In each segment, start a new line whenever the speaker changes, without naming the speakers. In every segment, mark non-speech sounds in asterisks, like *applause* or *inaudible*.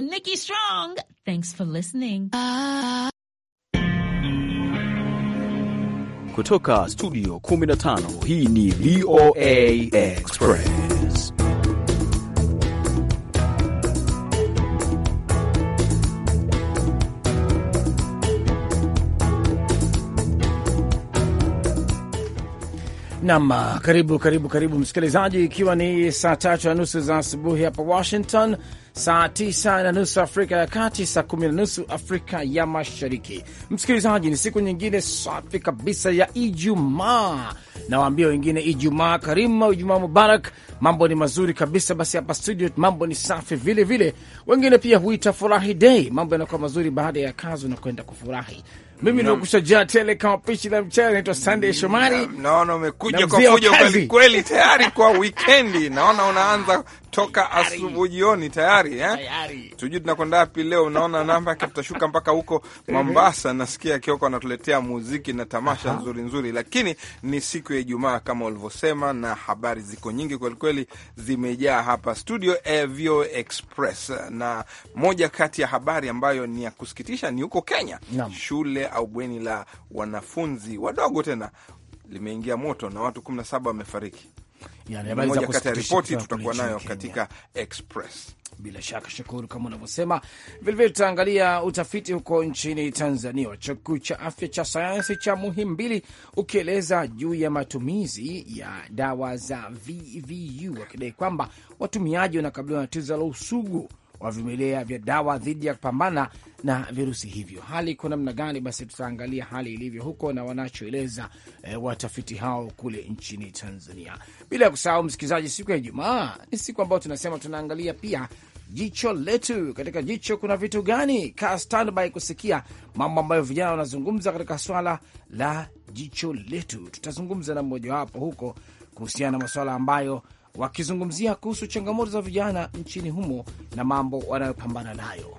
Nikki Strong. Thanks for listening. Ah.
Kutoka studio 15 hii ni VOA Express.
Nam, ah, karibu karibu karibu msikilizaji, ikiwa ni saa tatu na nusu za asubuhi hapa Washington, saa tisa na nusu Afrika ya Kati, saa kumi na nusu Afrika ya Mashariki. Msikilizaji, ni siku nyingine safi kabisa ya Ijumaa. Nawaambia wengine Ijumaa karima, Ijumaa mubarak. Mambo ni mazuri kabisa. Basi hapa studio mambo ni safi vilevile Wengine pia huita furahi dei, mambo yanakuwa mazuri baada ya kazi kwenda kufurahi mimi jaa tele kama pishi la mchele. Naitwa Sunday Shomari.
Naona umekuja kwa fujo kweli kweli, tayari kwa wikendi. Naona unaanza toka asubuhi jioni tayari eh? Tayari. tunakwenda wapi leo, naona namba yake tutashuka mpaka huko Mombasa. Nasikia Kioko anatuletea muziki na tamasha nzuri nzuri, lakini ni siku ya Ijumaa kama ulivyosema, na habari ziko nyingi kwelikweli, zimejaa hapa studio Avio eh, Express, na moja kati ya habari ambayo ni ya kusikitisha ni huko Kenya Nam. shule au bweni la wanafunzi wadogo tena limeingia moto na watu 17 wamefariki moja kati ya ripoti tutakuwa nayo katika Express. Bila shaka Shukuru, kama unavyosema,
vilevile tutaangalia utafiti huko nchini Tanzania wa chuo kikuu cha afya cha sayansi cha Muhimbili ukieleza juu ya matumizi ya dawa za VVU wakidai kwamba watumiaji wanakabiliwa na tatizo la usugu wa vimelea vya dawa dhidi ya kupambana na virusi hivyo. Hali iko namna gani? Basi tutaangalia hali ilivyo huko na wanachoeleza e, watafiti hao kule nchini Tanzania. Bila ya kusahau, msikilizaji, siku ya Ijumaa ni siku ambayo tunasema tunaangalia pia jicho letu. Katika jicho kuna vitu gani? Kaa standby kusikia mambo ambayo vijana wanazungumza katika swala la jicho letu. Tutazungumza na mmojawapo huko kuhusiana na masuala ambayo wakizungumzia kuhusu changamoto za vijana nchini humo na mambo wanayopambana
nayo.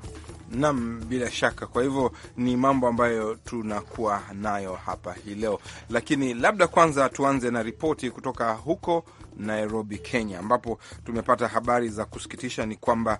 Nam, bila shaka. Kwa hivyo ni mambo ambayo tunakuwa nayo hapa hii leo, lakini labda kwanza tuanze na ripoti kutoka huko Nairobi, Kenya, ambapo tumepata habari za kusikitisha. Ni kwamba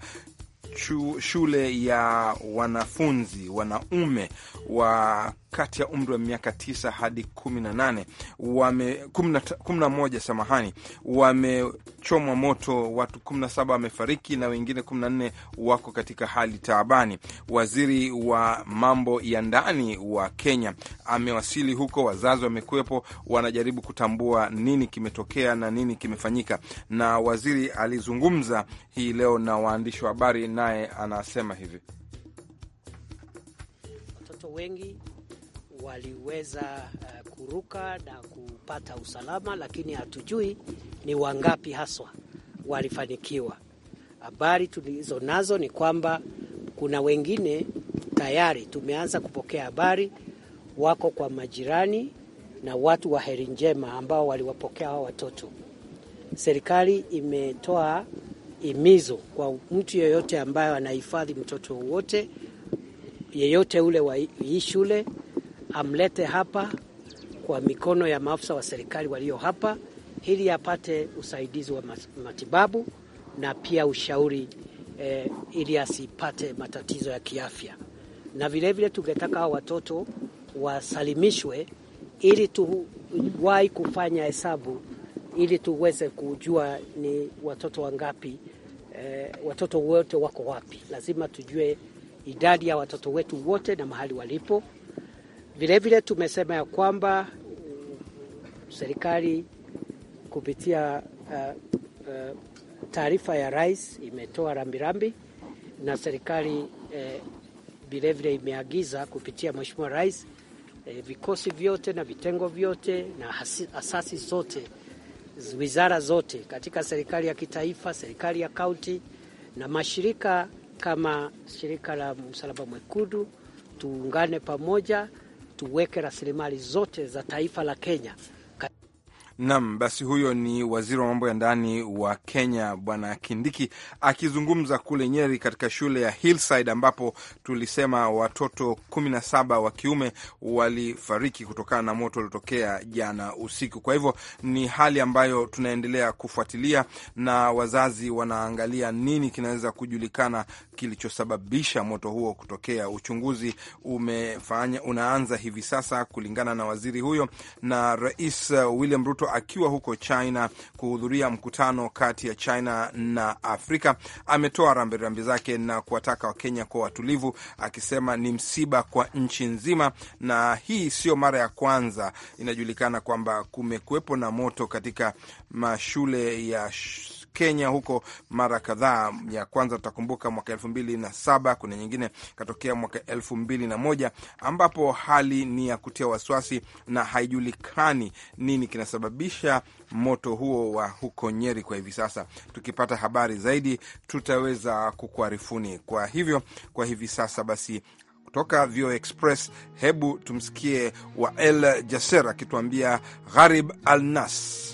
shule ya wanafunzi wanaume wa kati ya umri wa miaka tisa hadi 18 wame moja samahani, wamechomwa moto, watu 17 wamefariki na wengine 14 wako katika hali taabani. Waziri wa mambo ya ndani wa Kenya amewasili huko, wazazi wamekuwepo, wanajaribu kutambua nini kimetokea na nini kimefanyika, na waziri alizungumza hii leo na waandishi wa habari, naye anasema
hivi: watoto wengi waliweza uh, kuruka na kupata usalama, lakini hatujui ni wangapi haswa walifanikiwa. Habari tulizo nazo ni kwamba kuna wengine tayari tumeanza kupokea habari, wako kwa majirani na watu wa heri njema ambao waliwapokea hao watoto. Serikali imetoa imizo kwa mtu yeyote ambayo anahifadhi mtoto wowote yeyote ule wa hii shule amlete hapa kwa mikono ya maafisa wa serikali walio hapa ili apate usaidizi wa matibabu na pia ushauri eh, ili asipate matatizo ya kiafya. Na vilevile tungetaka hao watoto wasalimishwe ili tuwahi kufanya hesabu ili tuweze kujua ni watoto wangapi eh, watoto wote wako wapi. Lazima tujue idadi ya watoto wetu wote na mahali walipo Vilevile vile tumesema ya kwamba serikali kupitia uh, uh, taarifa ya rais imetoa rambirambi na serikali vilevile eh, vile imeagiza kupitia mheshimiwa rais eh, vikosi vyote na vitengo vyote na asasi zote wizara zote katika serikali ya kitaifa, serikali ya kaunti na mashirika kama shirika la Msalaba Mwekundu tuungane pamoja tuweke rasilimali zote za taifa la Kenya
Nam, basi huyo ni waziri wa mambo ya ndani wa Kenya Bwana Kindiki akizungumza kule Nyeri katika shule ya Hillside ambapo tulisema watoto kumi na saba wa kiume walifariki kutokana na moto uliotokea jana usiku. Kwa hivyo ni hali ambayo tunaendelea kufuatilia na wazazi wanaangalia nini kinaweza kujulikana kilichosababisha moto huo kutokea. Uchunguzi umefanya unaanza hivi sasa kulingana na waziri huyo na Rais William Ruto akiwa huko China kuhudhuria mkutano kati ya China na Afrika ametoa rambirambi zake na kuwataka Wakenya kwa watulivu, akisema ni msiba kwa nchi nzima, na hii sio mara ya kwanza. Inajulikana kwamba kumekuwepo na moto katika mashule ya Kenya huko mara kadhaa. Ya kwanza tutakumbuka mwaka elfu mbili na saba, kuna nyingine katokea mwaka elfu mbili na moja ambapo hali ni ya kutia wasiwasi na haijulikani nini kinasababisha moto huo wa huko Nyeri kwa hivi sasa. Tukipata habari zaidi tutaweza kukuarifuni. Kwa hivyo kwa hivi sasa basi kutoka VOA Express, hebu tumsikie El Jaser akituambia Gharib al Nas.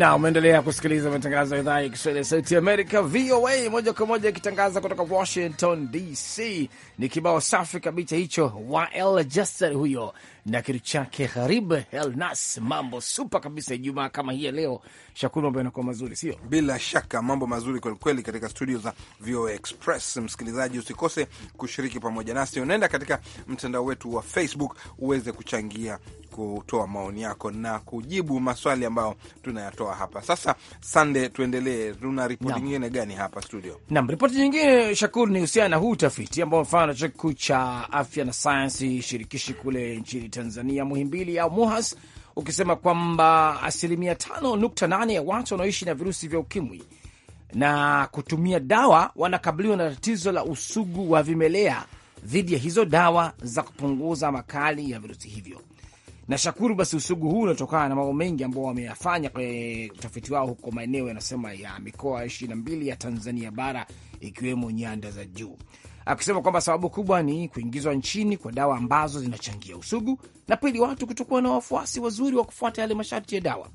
na umeendelea kusikiliza matangazo ya idhaa ya Kiswahili ya Sauti Amerika, VOA, moja kwa moja ikitangaza kutoka Washington DC. Ni kibao safi kabisa hicho wa El Jaser huyo na kitu chake Gharib Helnas. Mambo supa kabisa,
Ijumaa kama hii ya leo. Shakuru, mambo yanakuwa mazuri, sio? Bila shaka mambo mazuri kwelikweli katika studio za VOA Express. Msikilizaji, usikose kushiriki pamoja nasi, unaenda katika mtandao wetu wa Facebook uweze kuchangia kutoa maoni yako na kujibu maswali ambayo tunayatoa hapa. Sasa Sande, tuendelee, tuna ripoti nyingine gani hapa studio?
Naam, ripoti nyingine Shakur, ni husiana na huu utafiti ambao mfano chuo kikuu cha afya na sayansi shirikishi kule nchini Tanzania, Muhimbili au MUHAS, ukisema kwamba asilimia tano nukta nane ya watu wanaoishi na virusi vya ukimwi na kutumia dawa wanakabiliwa na tatizo la usugu wa vimelea dhidi ya hizo dawa za kupunguza makali ya virusi hivyo na shakuru, basi usugu huu unatokana na mambo mengi ambao wameyafanya kwenye utafiti wao huko maeneo yanasema ya mikoa ishirini na mbili ya Tanzania bara ikiwemo nyanda za juu, akisema kwamba sababu kubwa ni kuingizwa nchini kwa dawa ambazo zinachangia usugu, na pili, watu kutokuwa na wafuasi wazuri wa kufuata yale masharti ya dawa.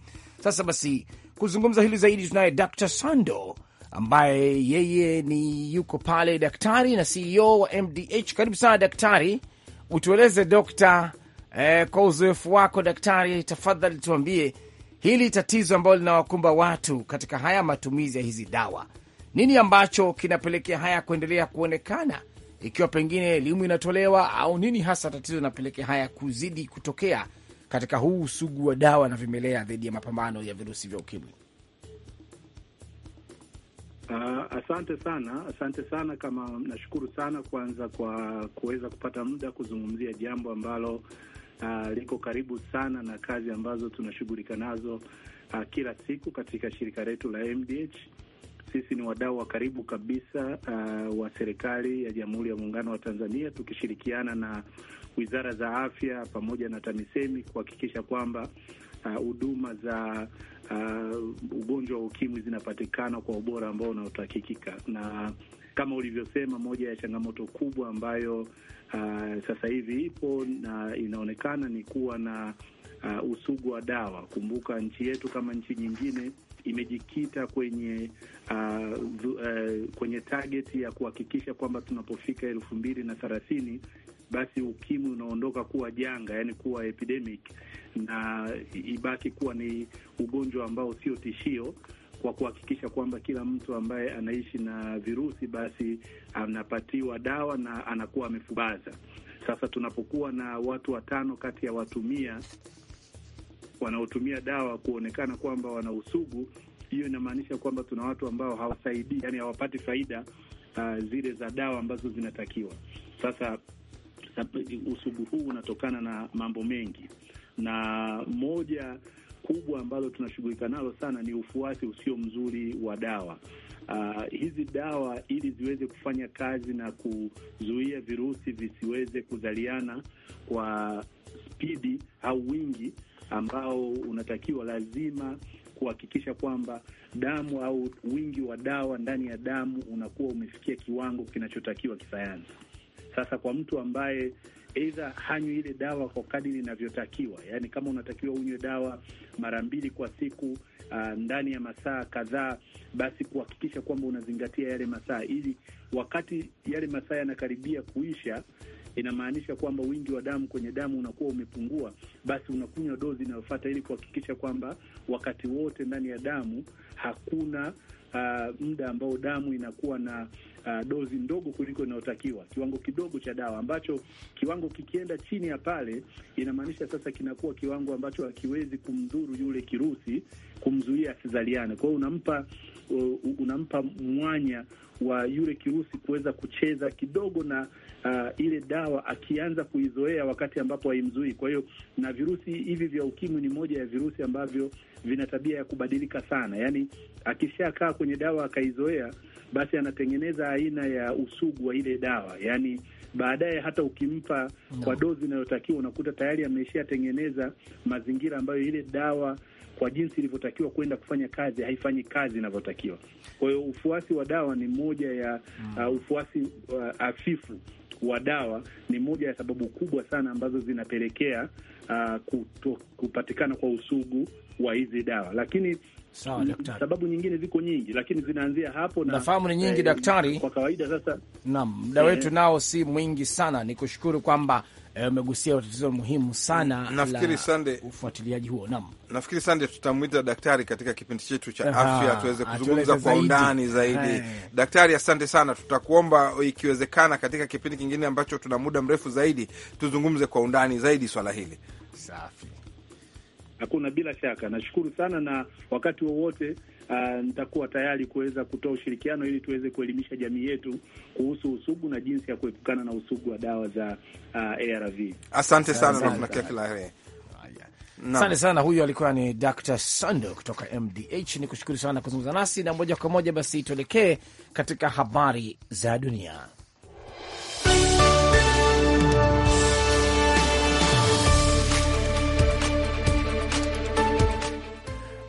Sasa basi kuzungumza hili zaidi tunaye Dr. Sando ambaye yeye ni yuko pale daktari na CEO wa MDH. Karibu sana daktari, utueleze dokta eh, kwa uzoefu wako daktari, tafadhali tuambie hili tatizo ambalo linawakumba watu katika haya matumizi ya hizi dawa, nini ambacho kinapelekea haya kuendelea kuonekana, ikiwa pengine elimu inatolewa au nini hasa tatizo linapelekea haya kuzidi kutokea katika huu usugu wa dawa na vimelea dhidi ya mapambano ya virusi vya ukimwi?
Uh, asante sana, asante sana. Kama nashukuru sana kwanza kwa kuweza kupata muda kuzungumzia jambo ambalo uh, liko karibu sana na kazi ambazo tunashughulika nazo uh, kila siku katika shirika letu la MDH. Sisi ni wadau wa karibu kabisa uh, wa serikali ya Jamhuri ya Muungano wa Tanzania, tukishirikiana na wizara za afya pamoja na TAMISEMI kuhakikisha kwamba huduma uh, za uh, ugonjwa wa ukimwi zinapatikana kwa ubora ambao unaotakikika. Na kama ulivyosema, moja ya changamoto kubwa ambayo uh, sasa hivi ipo na inaonekana ni kuwa na uh, usugu wa dawa. Kumbuka nchi yetu kama nchi nyingine imejikita kwenye uh, uh, kwenye target ya kuhakikisha kwamba tunapofika elfu mbili na thelathini basi ukimwi unaondoka kuwa janga, yani kuwa epidemic, na ibaki kuwa ni ugonjwa ambao sio tishio kwa kuhakikisha kwamba kila mtu ambaye anaishi na virusi basi anapatiwa dawa na anakuwa amefubaza. Sasa tunapokuwa na watu watano kati ya watu mia wanaotumia dawa kuonekana kwamba wana usugu, hiyo inamaanisha kwamba tuna watu ambao hawasaidii, yani hawapati faida uh, zile za dawa ambazo zinatakiwa. Sasa uh, usugu huu unatokana na mambo mengi na moja kubwa ambalo tunashughulika nalo sana ni ufuasi usio mzuri wa dawa. Uh, hizi dawa ili ziweze kufanya kazi na kuzuia virusi visiweze kuzaliana kwa spidi au wingi ambao unatakiwa, lazima kuhakikisha kwamba damu au wingi wa dawa ndani ya damu unakuwa umefikia kiwango kinachotakiwa kisayansi. Sasa kwa mtu ambaye aidha hanywi ile dawa kwa kadiri inavyotakiwa, yaani kama unatakiwa unywe dawa mara mbili kwa siku Uh, ndani ya masaa kadhaa, basi kuhakikisha kwamba unazingatia yale masaa, ili wakati yale masaa yanakaribia kuisha, inamaanisha kwamba wingi wa damu kwenye damu unakuwa umepungua, basi unakunywa dozi inayofuata ili kuhakikisha kwamba wakati wote ndani ya damu hakuna uh, muda ambao damu inakuwa na uh, dozi ndogo kuliko inayotakiwa, kiwango kidogo cha dawa ambacho kiwango kikienda chini ya pale, inamaanisha sasa kinakuwa kiwango ambacho hakiwezi kumdhuru yule kirusi, kumzuia asizaliane. Kwa hiyo unampa uh, unampa mwanya wa yule kirusi kuweza kucheza kidogo na uh, ile dawa akianza kuizoea wakati ambapo haimzui. Kwa hiyo na virusi hivi vya ukimwi ni moja ya virusi ambavyo vina tabia ya kubadilika sana, yaani akishakaa kwenye dawa akaizoea, basi anatengeneza aina ya usugu wa ile dawa, yaani baadaye hata ukimpa no. kwa dozi inayotakiwa unakuta tayari ameshatengeneza mazingira ambayo ile dawa kwa jinsi ilivyotakiwa kwenda kufanya kazi haifanyi kazi inavyotakiwa. Kwa hiyo ufuasi wa dawa ni moja ya mm. uh, ufuasi uh, hafifu uh, wa dawa ni moja ya sababu kubwa sana ambazo zinapelekea uh, kupatikana kwa usugu wa hizi dawa lakini Sawa daktari. Sababu nyingine ziko nyingi lakini zinaanzia hapo na nafahamu ni nyingi eh, daktari. Kwa kawaida sasa. Naam, muda wetu eh,
nao si mwingi sana. ni kushukuru kwamba umegusia eh, tatizo muhimu sana nafikiri
sande ufuatiliaji huo. nam nafikiri sande, tutamwita daktari katika kipindi chetu cha afya tuweze kuzungumza kwa undani zaidi. He. Eh. Daktari, asante sana, tutakuomba ikiwezekana, katika kipindi kingine ambacho tuna muda mrefu zaidi, tuzungumze kwa undani zaidi swala hili.
Safi, hakuna bila shaka. Nashukuru sana na wakati wowote wa uh, nitakuwa tayari kuweza kutoa ushirikiano ili tuweze kuelimisha jamii yetu kuhusu usugu na jinsi ya kuepukana na usugu wa dawa za uh, ah, ARV. Asante sana na tunatakia No. Asante
sana. huyu alikuwa ni Dr Sando kutoka MDH. Ni kushukuru sana kuzungumza nasi, na moja kwa moja basi tuelekee katika habari za dunia.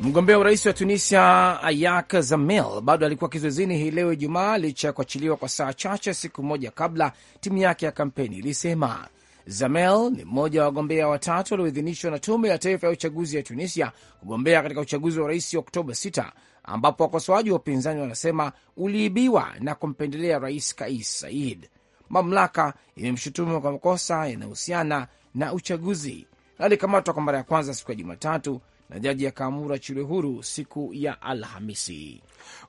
Mgombea urais wa Tunisia Ayak Zamel bado alikuwa kizuizini hii leo Ijumaa, licha ya kuachiliwa kwa saa chache siku moja kabla, timu yake ya kampeni ilisema. Zamel ni mmoja wa wagombea watatu walioidhinishwa na Tume ya Taifa ya Uchaguzi ya Tunisia kugombea katika uchaguzi wa rais Oktoba 6 ambapo wakosoaji wa upinzani wanasema uliibiwa na kumpendelea Rais Kais said Mamlaka imemshutumu kwa makosa yanayohusiana na uchaguzi. Alikamatwa kwa mara ya kwanza siku ya Jumatatu na jaji akaamuru
achiwe huru siku ya Alhamisi.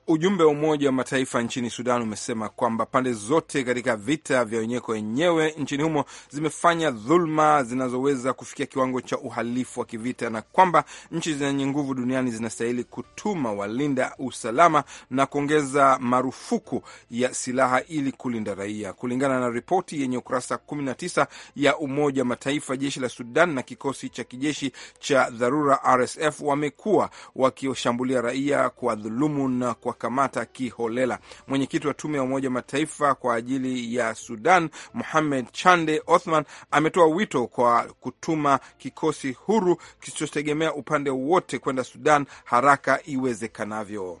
Ujumbe wa Umoja wa Mataifa nchini Sudan umesema kwamba pande zote katika vita vya wenyewe kwa wenyewe nchini humo zimefanya dhuluma zinazoweza kufikia kiwango cha uhalifu wa kivita na kwamba nchi zenye nguvu duniani zinastahili kutuma walinda usalama na kuongeza marufuku ya silaha ili kulinda raia. Kulingana na ripoti yenye ukurasa 19 ya Umoja wa Mataifa, jeshi la Sudan na kikosi cha kijeshi cha dharura RS RSF wamekuwa wakishambulia raia, kwa dhulumu na kuwakamata kiholela. Mwenyekiti wa tume ya Umoja Mataifa kwa ajili ya Sudan, Muhamed Chande Othman, ametoa wito kwa kutuma kikosi huru kisichotegemea upande wote kwenda Sudan haraka iwezekanavyo.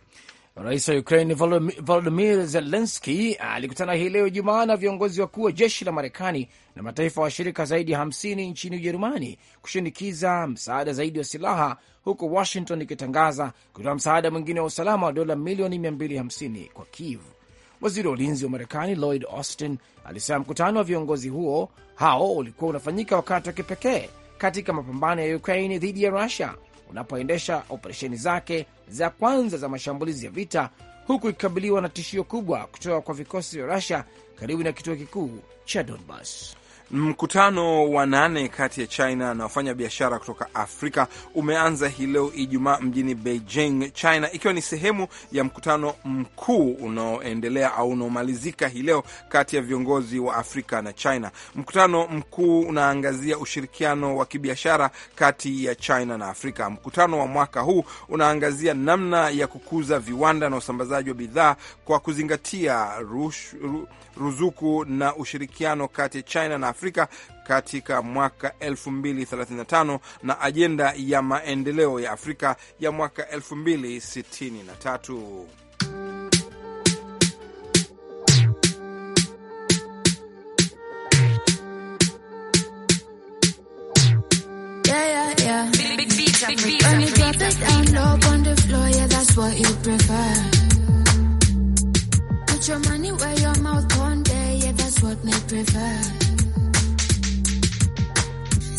Rais wa Ukraini Volodimir
Zelenski ah, alikutana hii leo jumaa na viongozi wakuu wa jeshi la Marekani na mataifa washirika zaidi ya 50 nchini Ujerumani kushinikiza msaada zaidi wa silaha, huku Washington ikitangaza kutoa msaada mwingine wa usalama wa dola milioni 250 kwa Kiev. Waziri wa ulinzi wa Marekani Lloyd Austin alisema mkutano wa viongozi huo hao ulikuwa unafanyika wakati wa kipekee katika mapambano ya Ukraini dhidi ya Rusia unapoendesha operesheni zake za kwanza za mashambulizi ya vita, huku ikikabiliwa na tishio kubwa kutoka kwa vikosi vya Rusia karibu na kituo kikuu cha Donbas.
Mkutano wa nane kati ya China na wafanya biashara kutoka Afrika umeanza hii leo Ijumaa mjini Beijing, China, ikiwa ni sehemu ya mkutano mkuu unaoendelea au unaomalizika hii leo kati ya viongozi wa Afrika na China. Mkutano mkuu unaangazia ushirikiano wa kibiashara kati ya China na Afrika. Mkutano wa mwaka huu unaangazia namna ya kukuza viwanda na usambazaji wa bidhaa kwa kuzingatia rush, ruzuku na ushirikiano kati ya China na Afrika. Afrika katika mwaka 2035 na ajenda ya maendeleo ya Afrika ya mwaka 2063.
yeah, that's what they prefer.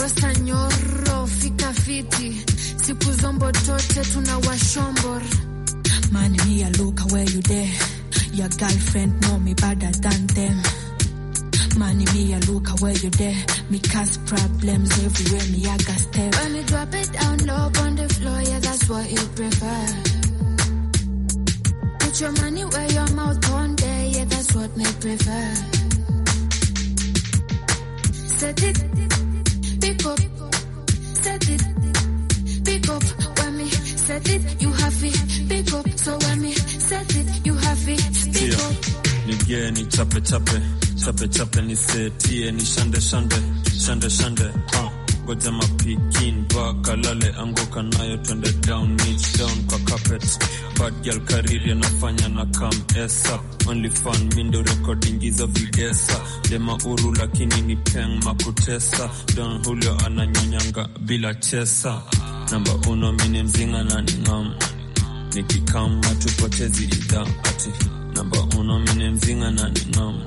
Rosa Nyoro fika fiti, siku zombo tote tuna washombor man me a look where you there your girlfriend know me better than them Money me a look where you there me cause problems everywhere me I got step when you drop it down low on the floor yeah that's what you prefer put your money where your mouth on there yeah that's what me prefer set it pick up, set it, pick up. When me set it, you have it, pick up. So when me set it, you have it, pick up.
Nige ni chape chape, chape chape ni setie ni shande shande, shande shande, huh. ngoja mapikin baka lale anguka nayo twende down niche down kwa carpet bad girl kariri anafanya na kam esa only fan mindo recording hizo vigesa dema uru lakini ni peng makutesa don hulio ananyonyanga bila chesa namba uno mi ni mzinga na ni ningam nikikam matupotezi idha ati namba uno mi ni mzinga na ni ngam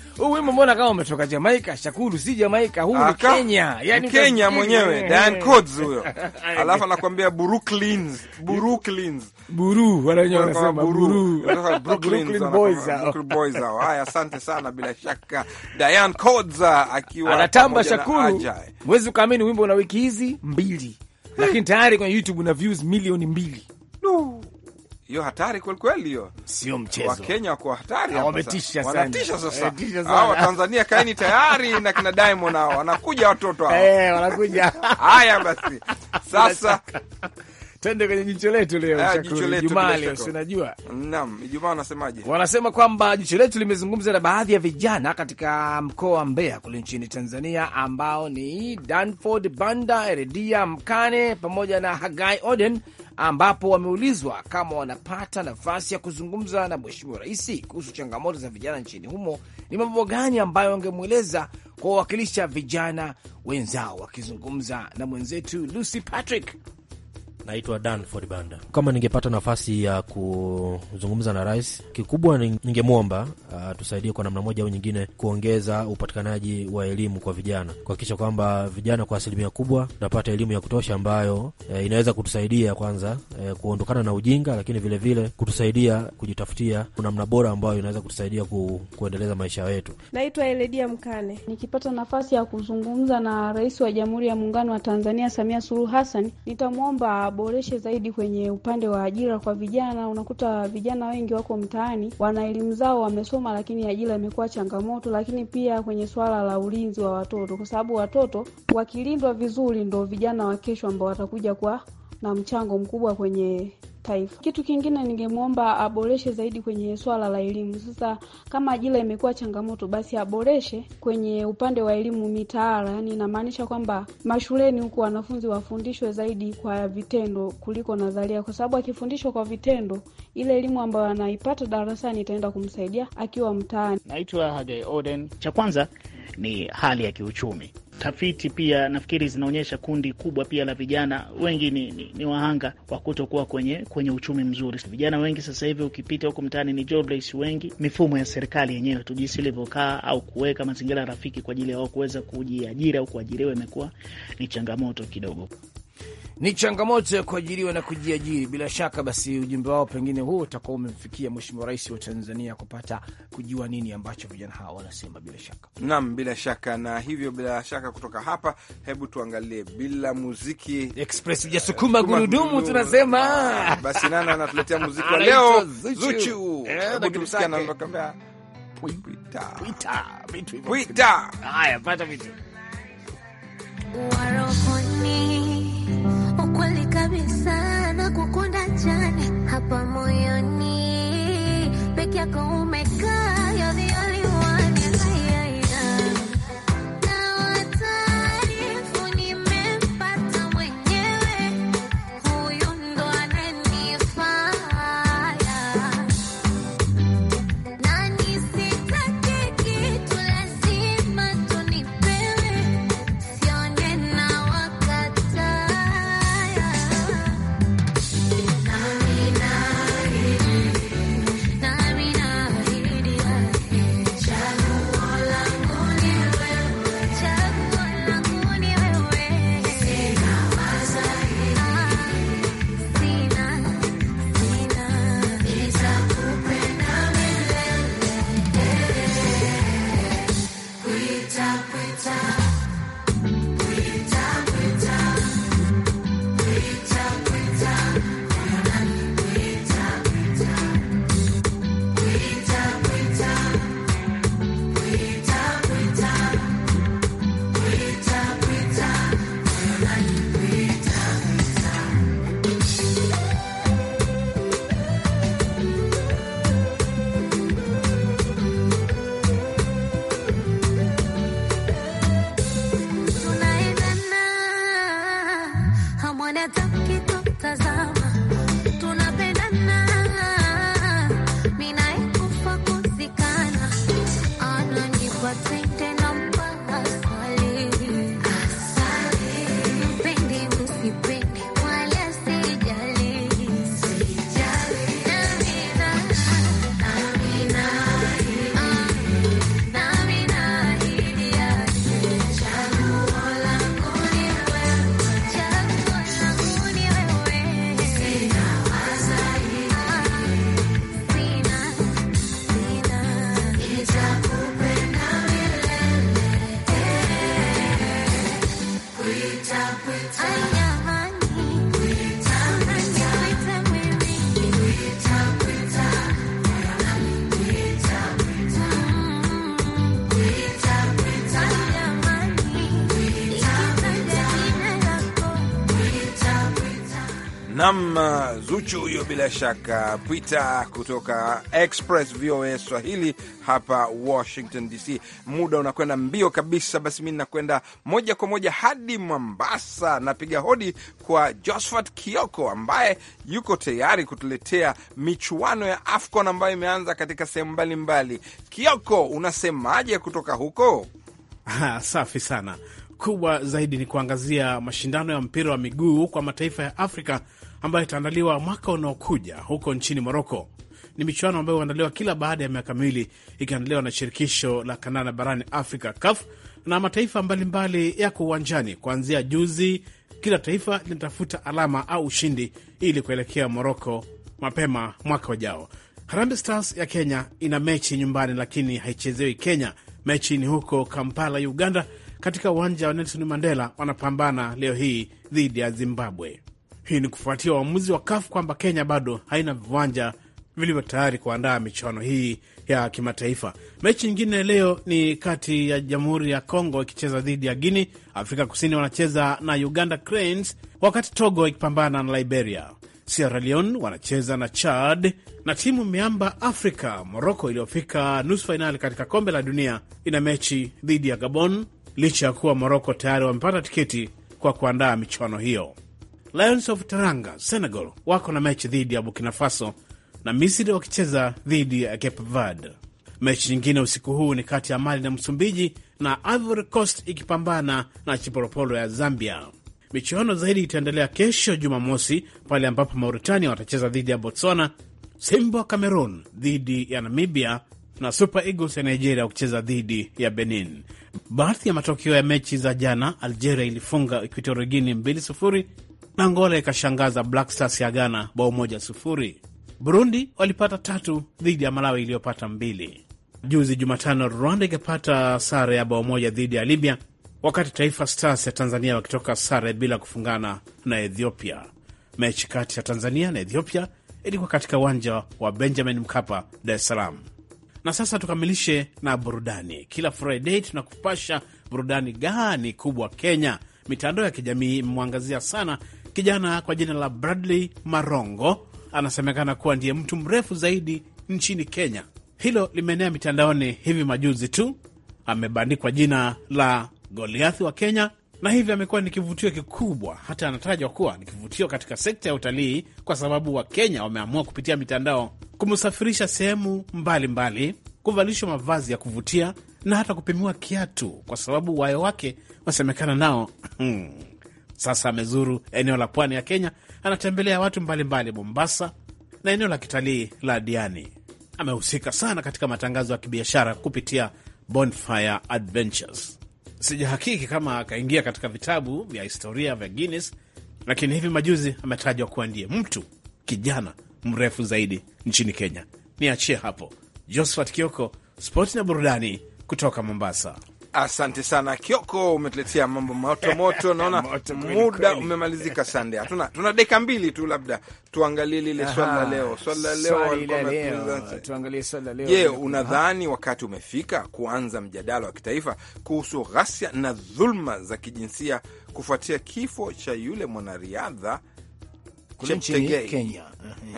huu wimbo mbona kama umetoka Jamaika? Shakuru, si Jamaika, huu ni Kenya, yani Kenya mwenyewe eh. Diane Codes huyo, *laughs* alafu
anakuambia Brooklyn, Brooklyn buru wala wenyewe wanasema buru, Brooklyn Boys. Brooklyn Boys hao. Haya, asante sana, bila shaka Diane Codes ah, akiwa anatamba. Shakuru, mwezi ukaamini,
wimbo una wiki hizi mbili, lakini tayari kwenye YouTube una views milioni mbili
hiyo hatari kwelikweli, hiyo sio mchezo. Wakenya wako hatari, wametisha sana, wanatisha eh, sasa. wa Tanzania kaeni tayari *laughs* na kina Diamond hao wanakuja, watoto hao eh, wanakuja. Haya basi sasa
tende kwenye jicho letu leo, ah, Ijumaa leo, si
Naam, Ijumaa wanasemaje? Wanasema
kwamba jicho letu limezungumza na baadhi ya vijana katika mkoa wa Mbeya kule nchini Tanzania ambao ni Danford Banda, Eredia Mkane pamoja na Hagai Oden ambapo wameulizwa kama wanapata nafasi ya kuzungumza na Mheshimiwa Rais kuhusu changamoto za vijana nchini humo, ni mambo gani ambayo wangemweleza kwa wawakilisha vijana wenzao, wakizungumza na mwenzetu Lucy Patrick Naitwa Dan Banda. Kama ningepata nafasi ya kuzungumza na rais, kikubwa ningemwomba uh, tusaidie kwa namna moja
au nyingine kuongeza upatikanaji wa elimu kwa vijana, kuhakikisha kwamba vijana kwa asilimia kubwa tunapata elimu ya kutosha ambayo e, inaweza kutusaidia kwanza e, kuondokana na ujinga,
lakini vilevile vile kutusaidia kujitafutia namna bora ambayo inaweza kutusaidia ku, kuendeleza maisha yetu.
Naitwa Eledia Mkane. Nikipata nafasi ya kuzungumza na rais wa Jamhuri ya Muungano wa Tanzania Samia Suluhu Hassan, nitamwomba waboreshe zaidi kwenye upande wa ajira kwa vijana. Unakuta vijana wengi wako mtaani, wana elimu zao, wamesoma, lakini ajira imekuwa changamoto. Lakini pia kwenye swala la ulinzi wa watoto, kwa sababu watoto wakilindwa vizuri, ndo vijana wa kesho ambao watakuja kwa na mchango mkubwa kwenye taifa. Kitu kingine ningemwomba aboreshe zaidi kwenye swala la elimu. Sasa kama ajira imekuwa changamoto, basi aboreshe kwenye upande wa elimu mitaala, yani inamaanisha kwamba mashuleni huku wanafunzi wafundishwe zaidi kwa vitendo kuliko nadharia, kwa sababu akifundishwa kwa vitendo, ile elimu ambayo anaipata darasani itaenda kumsaidia akiwa mtaani. Naitwa
Hage Oden. Cha kwanza ni hali ya kiuchumi. Tafiti pia nafikiri zinaonyesha kundi kubwa pia la vijana wengi ni, ni, ni wahanga wa kutokuwa kwenye kwenye uchumi mzuri. Vijana wengi sasa hivi ukipita huku mtaani ni jobless wengi. Mifumo ya serikali yenyewe tu jinsi ilivyokaa au kuweka mazingira rafiki kwa ajili ya wao kuweza kujiajiri au kuajiriwa imekuwa ni
changamoto kidogo ni changamoto ya kuajiriwa na kujiajiri. Bila shaka basi, ujumbe wao pengine huo utakuwa umemfikia Mheshimiwa Rais wa Tanzania kupata kujua nini ambacho vijana
hawa wanasema. Bila shaka nam, bila shaka na hivyo, bila shaka kutoka hapa, hebu tuangalie bila muziki express ijasukuma uh, gurudumu, tunasema ah, basi. Nana anatuletea muziki wa leo, Zuchu. Eh, hebu tumsikia anaondokambea pwita,
haya pata vitu
warofoni kweli kabisa na kukunda jana hapa moyoni peke yako umekaa yaani
Zuchu huyo bila shaka, Peter kutoka Express VOA Swahili hapa Washington DC. Muda unakwenda mbio kabisa, basi mi nakwenda moja kwa moja hadi Mombasa. Napiga hodi kwa Josphat Kioko ambaye yuko tayari kutuletea michuano ya AFCON ambayo imeanza katika sehemu mbalimbali. Kioko, unasemaje
kutoka huko? Ha, *laughs* safi sana. Kubwa zaidi ni kuangazia mashindano ya mpira wa miguu kwa mataifa ya Afrika ambayo itaandaliwa mwaka unaokuja huko nchini Moroko. Ni michuano ambayo huandaliwa kila baada ya miaka miwili, ikiandaliwa na shirikisho la kandanda barani Afrika, CAF, na mataifa mbalimbali yako uwanjani kuanzia juzi. Kila taifa linatafuta alama au ushindi ili kuelekea Moroko mapema mwaka ujao. Harambee Stars ya Kenya ina mechi nyumbani, lakini haichezewi Kenya. Mechi ni huko Kampala, Uganda, katika uwanja wa Nelson Mandela. Wanapambana leo hii dhidi ya Zimbabwe. Hii ni kufuatia uamuzi wa KAFU kwamba Kenya bado haina viwanja vilivyo tayari kuandaa michuano hii ya kimataifa. Mechi nyingine leo ni kati ya Jamhuri ya Kongo ikicheza dhidi ya Guinea, Afrika Kusini wanacheza na Uganda Cranes, wakati Togo ikipambana na Liberia. Sierra Leone wanacheza na Chad na timu miamba Afrika Moroko iliyofika nusu fainali katika kombe la dunia ina mechi dhidi ya Gabon, licha ya kuwa Moroko tayari wamepata tiketi kwa kuandaa michuano hiyo. Lions of Teranga Senegal wako na mechi dhidi ya Burkina Faso na Misri wakicheza dhidi ya Cape Verde. Mechi nyingine usiku huu ni kati ya Mali na Msumbiji na Ivory Coast ikipambana na Chipolopolo ya Zambia. Michuano zaidi itaendelea kesho Jumamosi pale ambapo Mauritania watacheza dhidi ya Botswana, Simba wa Cameroon dhidi ya Namibia na Super Eagles ya Nigeria wakicheza dhidi ya Benin. Baadhi ya matokeo ya mechi za jana, Algeria ilifunga Equatorial Guinea 2-0 na Angola ikashangaza Black Stars ya Ghana bao moja sufuri. Burundi walipata tatu dhidi ya Malawi iliyopata mbili. Juzi Jumatano, Rwanda ikapata sare ya bao moja dhidi ya Libya, wakati Taifa Stars ya Tanzania wakitoka sare bila kufungana na Ethiopia. Mechi kati ya Tanzania na Ethiopia ilikuwa katika uwanja wa Benjamin Mkapa, Dar es Salaam. Na sasa tukamilishe na burudani. Kila Friday tunakupasha burudani gani kubwa Kenya. Mitandao ya kijamii imemwangazia sana Kijana kwa jina la Bradley Marongo anasemekana kuwa ndiye mtu mrefu zaidi nchini Kenya. Hilo limeenea mitandaoni hivi majuzi tu. Amebandikwa jina la Goliathi wa Kenya na hivyo amekuwa ni kivutio kikubwa, hata anatajwa kuwa ni kivutio katika sekta ya utalii, kwa sababu Wakenya wameamua kupitia mitandao kumsafirisha sehemu mbalimbali, kuvalishwa mavazi ya kuvutia na hata kupimiwa kiatu, kwa sababu wayo wake wasemekana nao hmm. Sasa amezuru eneo la pwani ya Kenya, anatembelea watu mbalimbali Mombasa na eneo la kitalii la Diani. Amehusika sana katika matangazo ya kibiashara kupitia Bonfire Adventures. Sijahakiki kama akaingia katika vitabu vya historia vya Guinness, lakini hivi majuzi ametajwa kuwa ndiye mtu kijana mrefu zaidi nchini Kenya. Niachie hapo. Josephat Kioko, spoti na burudani kutoka Mombasa.
Asante sana Kioko, umetuletea mambo moto moto. *laughs* Naona muda umemalizika. Sande, hatuna tuna dakika mbili tu, labda tuangalie lile swali la leo. Swali la leo, je, unadhani wakati umefika kuanza mjadala wa kitaifa kuhusu ghasia na dhulma za kijinsia kufuatia kifo cha yule mwanariadha Cheptegei Kenya?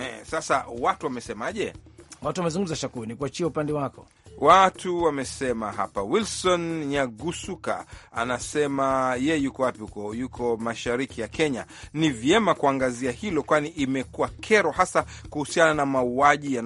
Eh, sasa watu wamesemaje?
Watu wamezungumza, Shakuni, kuachia upande wako
watu wamesema hapa. Wilson Nyagusuka anasema ye yuko wapi huko, yuko mashariki ya Kenya. Ni vyema kuangazia hilo, kwani imekuwa kero hasa kuhusiana na mauaji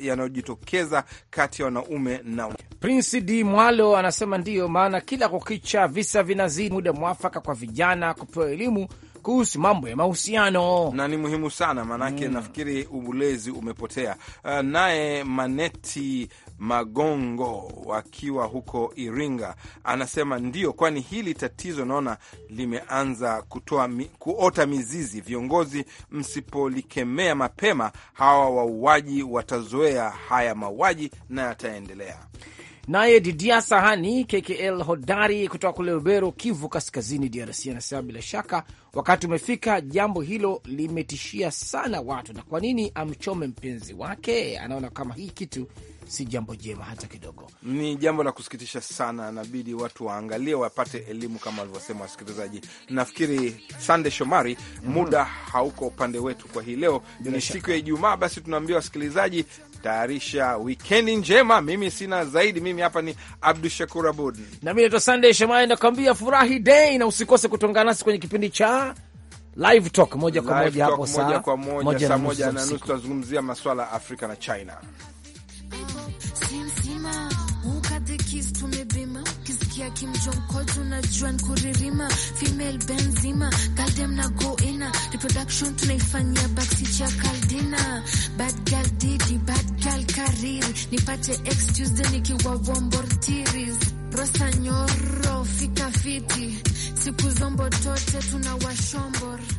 yanayojitokeza kati ya wanaume na
Prince D Mwalo anasema ndiyo maana kila kukicha visa vinazidi, muda mwafaka kwa vijana kupewa elimu kuhusu mambo
ya mahusiano na ni muhimu sana maanake, mm, nafikiri ulezi umepotea. Uh, naye Maneti Magongo wakiwa huko Iringa, anasema ndio, kwani hili tatizo naona limeanza kutoa kuota mizizi. Viongozi msipolikemea mapema, hawa wauaji watazoea haya mauaji na yataendelea.
Naye Didia Sahani KKL hodari kutoka kule ubero Kivu Kaskazini, DRC, anasema bila shaka wakati umefika, jambo hilo limetishia sana watu, na kwa nini amchome mpenzi wake? Anaona kama hii kitu si jambo jema hata kidogo.
Ni jambo la kusikitisha sana, nabidi watu waangalie, wapate elimu kama walivyosema wasikilizaji. Nafikiri Sande Shomari, mm-hmm. muda hauko upande wetu kwa hii leo. Ni siku ya Ijumaa, basi tunaambia wasikilizaji tayarisha wikendi njema. Mimi sina zaidi, mimi hapa ni Abdu Shakur Abud na mi naitwa Sande Shomari, nakuambia furahi dei, na usikose kutongana
nasi kwenye kipindi cha Live Talk moja kwa moja hapo saa moja na nusu.
Tutazungumzia maswala ya Afrika na China.
Kim Jong Koju na Juan Kuririma, female Benzima, Galdem na Goena, reproduction tunaifanyia backstage ya Kaldina, bad girl Didi, bad girl Kariri, nipate ex Tuesday nikiwa Wombortiris, Rosa Nyoro, fika fiti, siku zombo tote tunawashombor